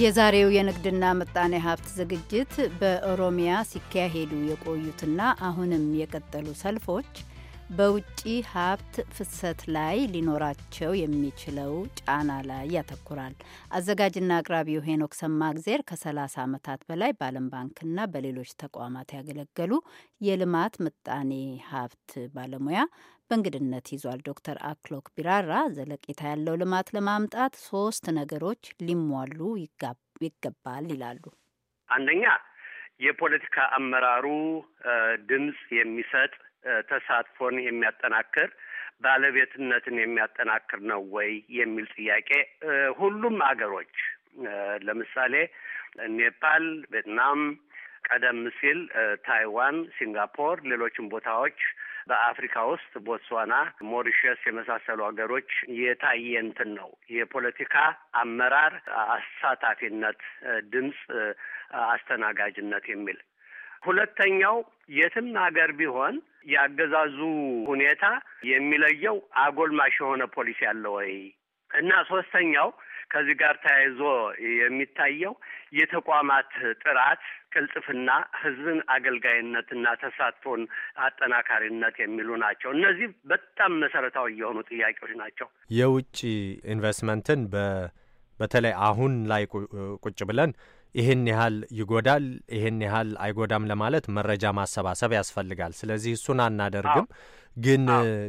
የዛሬው የንግድና ምጣኔ ሀብት ዝግጅት በኦሮሚያ ሲካሄዱ የቆዩትና አሁንም የቀጠሉ ሰልፎች በውጭ ሀብት ፍሰት ላይ ሊኖራቸው የሚችለው ጫና ላይ ያተኩራል። አዘጋጅና አቅራቢው ሄኖክ ሰማእግዜር ከ30 ዓመታት በላይ በዓለም ባንክና በሌሎች ተቋማት ያገለገሉ የልማት ምጣኔ ሀብት ባለሙያ በእንግድነት ይዟል። ዶክተር አክሎክ ቢራራ ዘለቄታ ያለው ልማት ለማምጣት ሶስት ነገሮች ሊሟሉ ይገባል ይላሉ። አንደኛ የፖለቲካ አመራሩ ድምፅ የሚሰጥ ተሳትፎን የሚያጠናክር ባለቤትነትን የሚያጠናክር ነው ወይ የሚል ጥያቄ ሁሉም አገሮች ለምሳሌ ኔፓል፣ ቬትናም፣ ቀደም ሲል ታይዋን፣ ሲንጋፖር፣ ሌሎችም ቦታዎች በአፍሪካ ውስጥ ቦትስዋና፣ ሞሪሸስ የመሳሰሉ ሀገሮች የታየንትን ነው የፖለቲካ አመራር አሳታፊነት፣ ድምፅ አስተናጋጅነት የሚል ሁለተኛው የትም ሀገር ቢሆን ያገዛዙ ሁኔታ የሚለየው አጎልማሽ የሆነ ፖሊሲ አለ ወይ እና ሶስተኛው ከዚህ ጋር ተያይዞ የሚታየው የተቋማት ጥራት፣ ቅልጥፍና፣ ህዝብን አገልጋይነትና ተሳትፎን አጠናካሪነት የሚሉ ናቸው። እነዚህ በጣም መሰረታዊ የሆኑ ጥያቄዎች ናቸው። የውጭ ኢንቨስትመንትን በተለይ አሁን ላይ ቁጭ ብለን ይህን ያህል ይጎዳል፣ ይህን ያህል አይጎዳም ለማለት መረጃ ማሰባሰብ ያስፈልጋል። ስለዚህ እሱን አናደርግም። ግን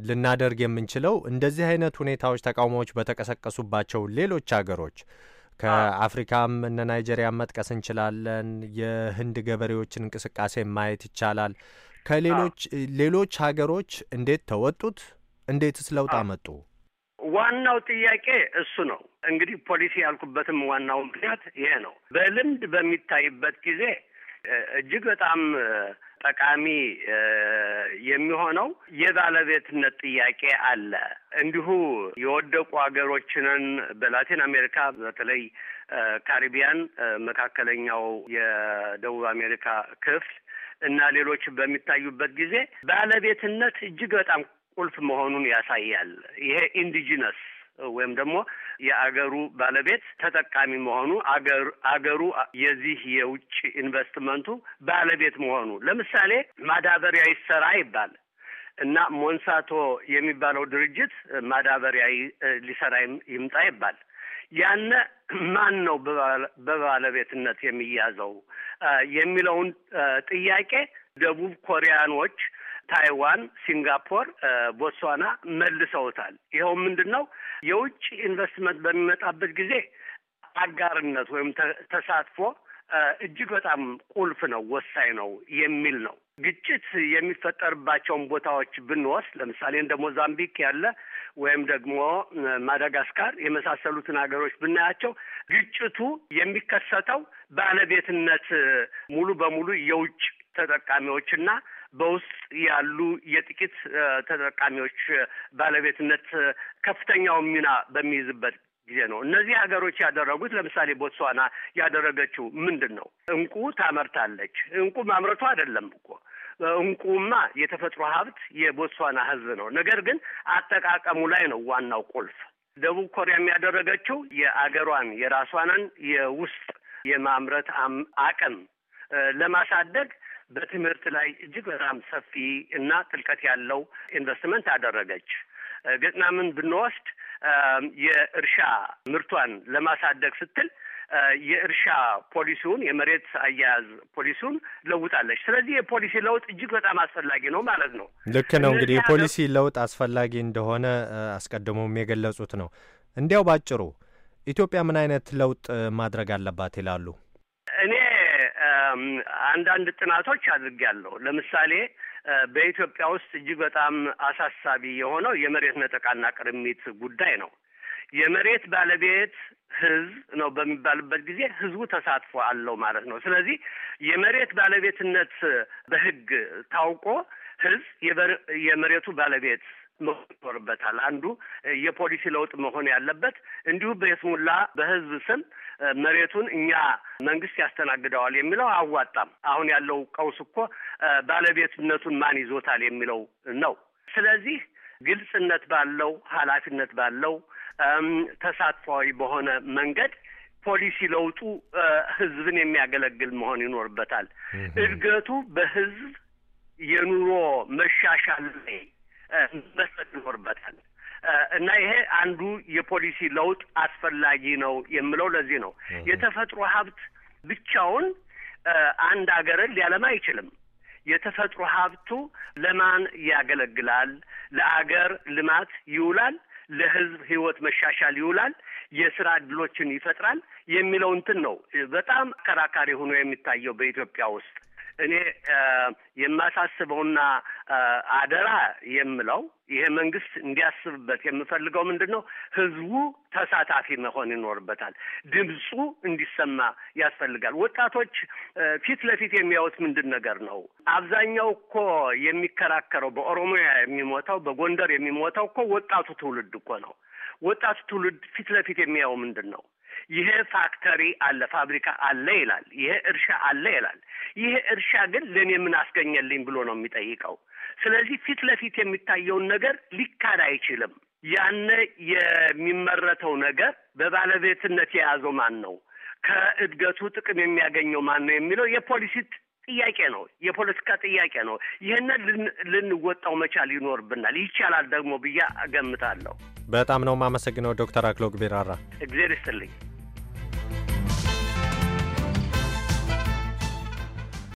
ልናደርግ የምንችለው እንደዚህ አይነት ሁኔታዎች፣ ተቃውሞዎች በተቀሰቀሱባቸው ሌሎች አገሮች ከአፍሪካም እነ ናይጄሪያን መጥቀስ እንችላለን። የህንድ ገበሬዎችን እንቅስቃሴ ማየት ይቻላል። ከሌሎች ሌሎች ሀገሮች እንዴት ተወጡት? እንዴትስ ለውጥ አመጡ? ዋናው ጥያቄ እሱ ነው። እንግዲህ ፖሊሲ ያልኩበትም ዋናው ምክንያት ይሄ ነው። በልምድ በሚታይበት ጊዜ እጅግ በጣም ጠቃሚ የሚሆነው የባለቤትነት ጥያቄ አለ። እንዲሁ የወደቁ ሀገሮችንን በላቲን አሜሪካ በተለይ ካሪቢያን፣ መካከለኛው የደቡብ አሜሪካ ክፍል እና ሌሎች በሚታዩበት ጊዜ ባለቤትነት እጅግ በጣም ቁልፍ መሆኑን ያሳያል። ይሄ ኢንዲጂነስ ወይም ደግሞ የአገሩ ባለቤት ተጠቃሚ መሆኑ አገር አገሩ የዚህ የውጭ ኢንቨስትመንቱ ባለቤት መሆኑ ለምሳሌ ማዳበሪያ ይሰራ ይባል እና ሞንሳቶ የሚባለው ድርጅት ማዳበሪያ ሊሰራ ይምጣ ይባል ያነ ማን ነው በባለቤትነት የሚያዘው የሚለውን ጥያቄ ደቡብ ኮሪያኖች ታይዋን፣ ሲንጋፖር፣ ቦትስዋና መልሰውታል። ይኸውም ምንድን ነው የውጭ ኢንቨስትመንት በሚመጣበት ጊዜ አጋርነት ወይም ተሳትፎ እጅግ በጣም ቁልፍ ነው፣ ወሳኝ ነው የሚል ነው። ግጭት የሚፈጠርባቸውን ቦታዎች ብንወስድ ለምሳሌ እንደ ሞዛምቢክ ያለ ወይም ደግሞ ማዳጋስካር የመሳሰሉትን ሀገሮች ብናያቸው ግጭቱ የሚከሰተው ባለቤትነት ሙሉ በሙሉ የውጭ ተጠቃሚዎችና በውስጥ ያሉ የጥቂት ተጠቃሚዎች ባለቤትነት ከፍተኛው ሚና በሚይዝበት ጊዜ ነው። እነዚህ ሀገሮች ያደረጉት ለምሳሌ ቦትስዋና ያደረገችው ምንድን ነው? እንቁ ታመርታለች። እንቁ ማምረቱ አይደለም እኮ እንቁማ የተፈጥሮ ሀብት የቦትስዋና ሕዝብ ነው። ነገር ግን አጠቃቀሙ ላይ ነው ዋናው ቁልፍ። ደቡብ ኮሪያ ያደረገችው የአገሯን የራሷንን የውስጥ የማምረት አቅም ለማሳደግ በትምህርት ላይ እጅግ በጣም ሰፊ እና ጥልቀት ያለው ኢንቨስትመንት አደረገች። ቬትናምን ብንወስድ የእርሻ ምርቷን ለማሳደግ ስትል የእርሻ ፖሊሲውን የመሬት አያያዝ ፖሊሲውን ለውጣለች። ስለዚህ የፖሊሲ ለውጥ እጅግ በጣም አስፈላጊ ነው ማለት ነው። ልክ ነው። እንግዲህ የፖሊሲ ለውጥ አስፈላጊ እንደሆነ አስቀድሞም የገለጹት ነው። እንዲያው ባጭሩ ኢትዮጵያ ምን አይነት ለውጥ ማድረግ አለባት ይላሉ? አንዳንድ ጥናቶች አድርጌያለሁ። ለምሳሌ በኢትዮጵያ ውስጥ እጅግ በጣም አሳሳቢ የሆነው የመሬት ነጠቃና ቅርሚት ጉዳይ ነው። የመሬት ባለቤት ህዝብ ነው በሚባልበት ጊዜ ህዝቡ ተሳትፎ አለው ማለት ነው። ስለዚህ የመሬት ባለቤትነት በህግ ታውቆ ህዝብ የመሬቱ ባለቤት መሆን ይኖርበታል። አንዱ የፖሊሲ ለውጥ መሆን ያለበት እንዲሁ በየስሙላ በህዝብ ስም መሬቱን እኛ መንግስት ያስተናግደዋል የሚለው አዋጣም። አሁን ያለው ቀውስ እኮ ባለቤትነቱን ማን ይዞታል የሚለው ነው። ስለዚህ ግልጽነት ባለው ኃላፊነት ባለው ተሳትፏዊ በሆነ መንገድ ፖሊሲ ለውጡ ህዝብን የሚያገለግል መሆን ይኖርበታል። እድገቱ በህዝብ የኑሮ መሻሻል ላይ መስጠት ይኖርበታል። እና ይሄ አንዱ የፖሊሲ ለውጥ አስፈላጊ ነው የምለው ለዚህ ነው። የተፈጥሮ ሀብት ብቻውን አንድ አገርን ሊያለማ አይችልም። የተፈጥሮ ሀብቱ ለማን ያገለግላል? ለአገር ልማት ይውላል፣ ለህዝብ ህይወት መሻሻል ይውላል፣ የስራ እድሎችን ይፈጥራል የሚለው እንትን ነው በጣም አከራካሪ ሆኖ የሚታየው በኢትዮጵያ ውስጥ እኔ የማሳስበውና አደራ የምለው ይሄ መንግስት እንዲያስብበት የምፈልገው ምንድን ነው፣ ህዝቡ ተሳታፊ መሆን ይኖርበታል። ድምፁ እንዲሰማ ያስፈልጋል። ወጣቶች ፊት ለፊት የሚያዩት ምንድን ነገር ነው? አብዛኛው እኮ የሚከራከረው በኦሮሚያ የሚሞተው በጎንደር የሚሞተው እኮ ወጣቱ ትውልድ እኮ ነው። ወጣቱ ትውልድ ፊት ለፊት የሚያየው ምንድን ነው? ይሄ ፋክተሪ አለ፣ ፋብሪካ አለ ይላል። ይሄ እርሻ አለ ይላል። ይሄ እርሻ ግን ለእኔ ምን አስገኘልኝ ብሎ ነው የሚጠይቀው። ስለዚህ ፊት ለፊት የሚታየውን ነገር ሊካድ አይችልም። ያነ የሚመረተው ነገር በባለቤትነት የያዘው ማን ነው፣ ከእድገቱ ጥቅም የሚያገኘው ማን ነው የሚለው የፖሊሲ ጥያቄ ነው፣ የፖለቲካ ጥያቄ ነው። ይህንን ልንወጣው መቻል ይኖርብናል። ይቻላል ደግሞ ብዬ እገምታለሁ። በጣም ነው የማመሰግነው ዶክተር አክሎግ ቢራራ እግዜር ይስጥልኝ።